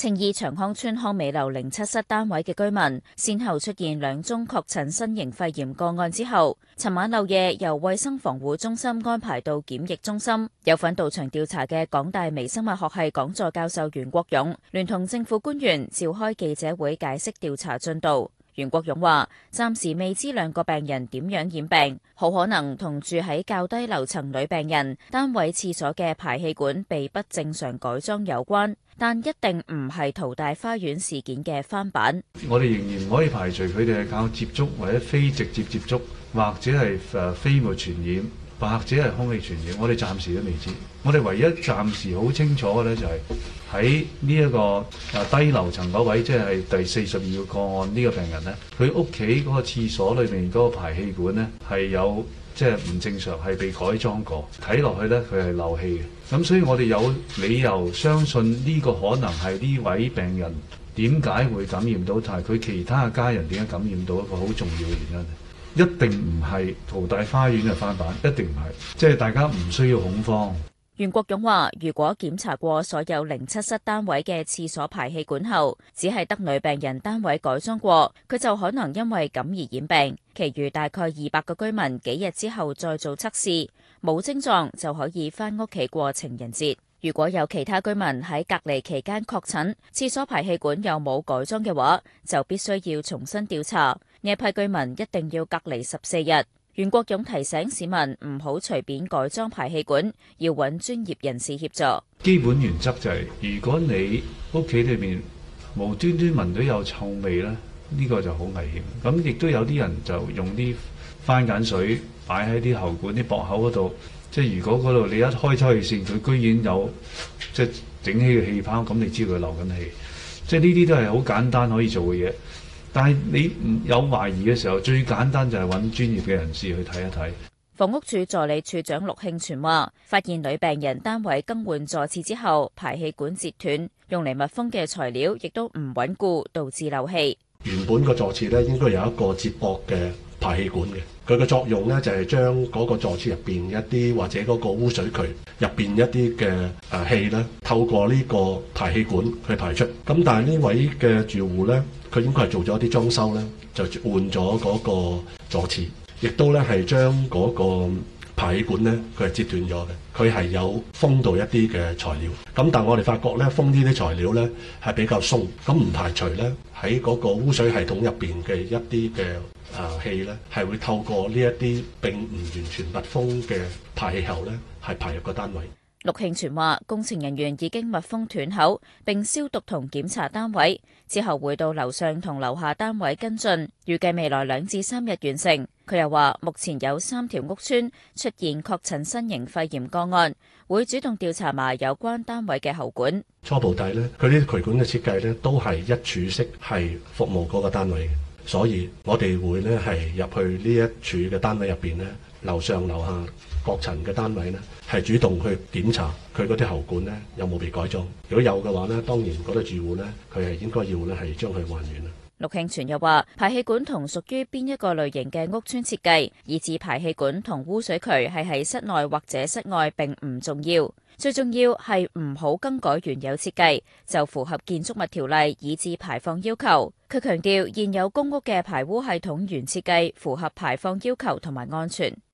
青衣長康邨康美樓零七室單位嘅居民，先後出現兩宗確診新型肺炎個案之後，尋晚漏夜由衛生防護中心安排到檢疫中心。有份到場調查嘅港大微生物學系講座教授袁國勇，聯同政府官員召開記者會，解釋調查進度。袁國勇話：暫時未知兩個病人點樣染病，好可能同住喺較低樓層女病人單位廁所嘅排氣管被不正常改裝有關，但一定唔係淘大花園事件嘅翻版。我哋仍然唔可以排除佢哋係靠接觸或者非直接接觸，或者係誒飛沫傳染，或者係空氣傳染，我哋暫時都未知。我哋唯一暫時好清楚嘅咧、就是，就係喺呢一個低樓層嗰位，即係第四十二個個案呢、這個病人咧，佢屋企嗰個廁所裏面嗰個排氣管咧係有即係唔正常，係被改裝過。睇落去咧，佢係漏氣嘅。咁所以我哋有理由相信呢個可能係呢位病人點解會感染到，同埋佢其他嘅家人點解感染到一個好重要嘅原因。一定唔係淘大花園嘅翻版，一定唔係，即係大家唔需要恐慌。袁國勇話，如果檢查過所有零七室單位嘅廁所排氣管後，只係得女病人單位改裝過，佢就可能因為感染染病。其餘大概二百個居民幾日之後再做測試，冇症狀就可以翻屋企過情人節。如果有其他居民喺隔離期間確診，廁所排氣管有冇改裝嘅話，就必須要重新調查。呢一批居民一定要隔離十四日。袁國勇提醒市民唔好隨便改裝排氣管，要揾專業人士協助。基本原則就係，如果你屋企裏面無端端聞到有臭味呢，呢個就好危險。咁亦都有啲人就用啲番梘水擺喺啲喉管啲駁口嗰度。即係如果嗰度你一開抽氣扇，佢居然有即係整起個氣泡，咁你知道佢漏緊氣，即係呢啲都係好簡單可以做嘅嘢，但係你有懷疑嘅時候，最簡單就係揾專業嘅人士去睇一睇。房屋署助理署長陸慶全話，發現女病人單位更換坐廁之後排氣管折斷，用嚟密封嘅材料亦都唔穩固，導致漏氣。原本個坐廁咧應該有一個接駁嘅。排氣管嘅，佢嘅作用咧就係將嗰個座廁入邊一啲或者嗰個污水渠入邊一啲嘅誒氣咧，透過呢個排氣管去排出。咁但係呢位嘅住戶咧，佢應該係做咗啲裝修咧，就換咗嗰個座廁，亦都咧係將嗰個排氣管咧佢係折斷咗嘅。佢係有封到一啲嘅材料。咁但係我哋發覺咧，封呢啲材料咧係比較鬆，咁唔排除咧喺嗰個污水系統入邊嘅一啲嘅。漏氣呢係會透過呢一啲並唔完全密封嘅排氣口呢，係排入個單位。陸慶全話：工程人員已經密封斷口，並消毒同檢查單位，之後回到樓上同樓下單位跟進，預計未來兩至三日完成。佢又話：目前有三條屋邨出現確診新型肺炎個案，會主動調查埋有關單位嘅喉管。初步睇呢，佢啲渠管嘅設計呢都係一柱式，係服務嗰個單位。所以我哋會呢係入去呢一處嘅單位入面，呢，樓上樓下各層嘅單位呢係主動去檢查佢嗰啲喉管呢有冇被改裝，如果有嘅話呢，當然嗰啲住戶呢，佢係應該要呢係將佢還原啦。陸慶全又話：排氣管同屬於邊一個類型嘅屋邨設計，以致排氣管同污水渠係喺室內或者室外，並唔重要。最重要係唔好更改原有設計，就符合建築物條例以致排放要求。佢強調，現有公屋嘅排污系統原設計符合排放要求同埋安全。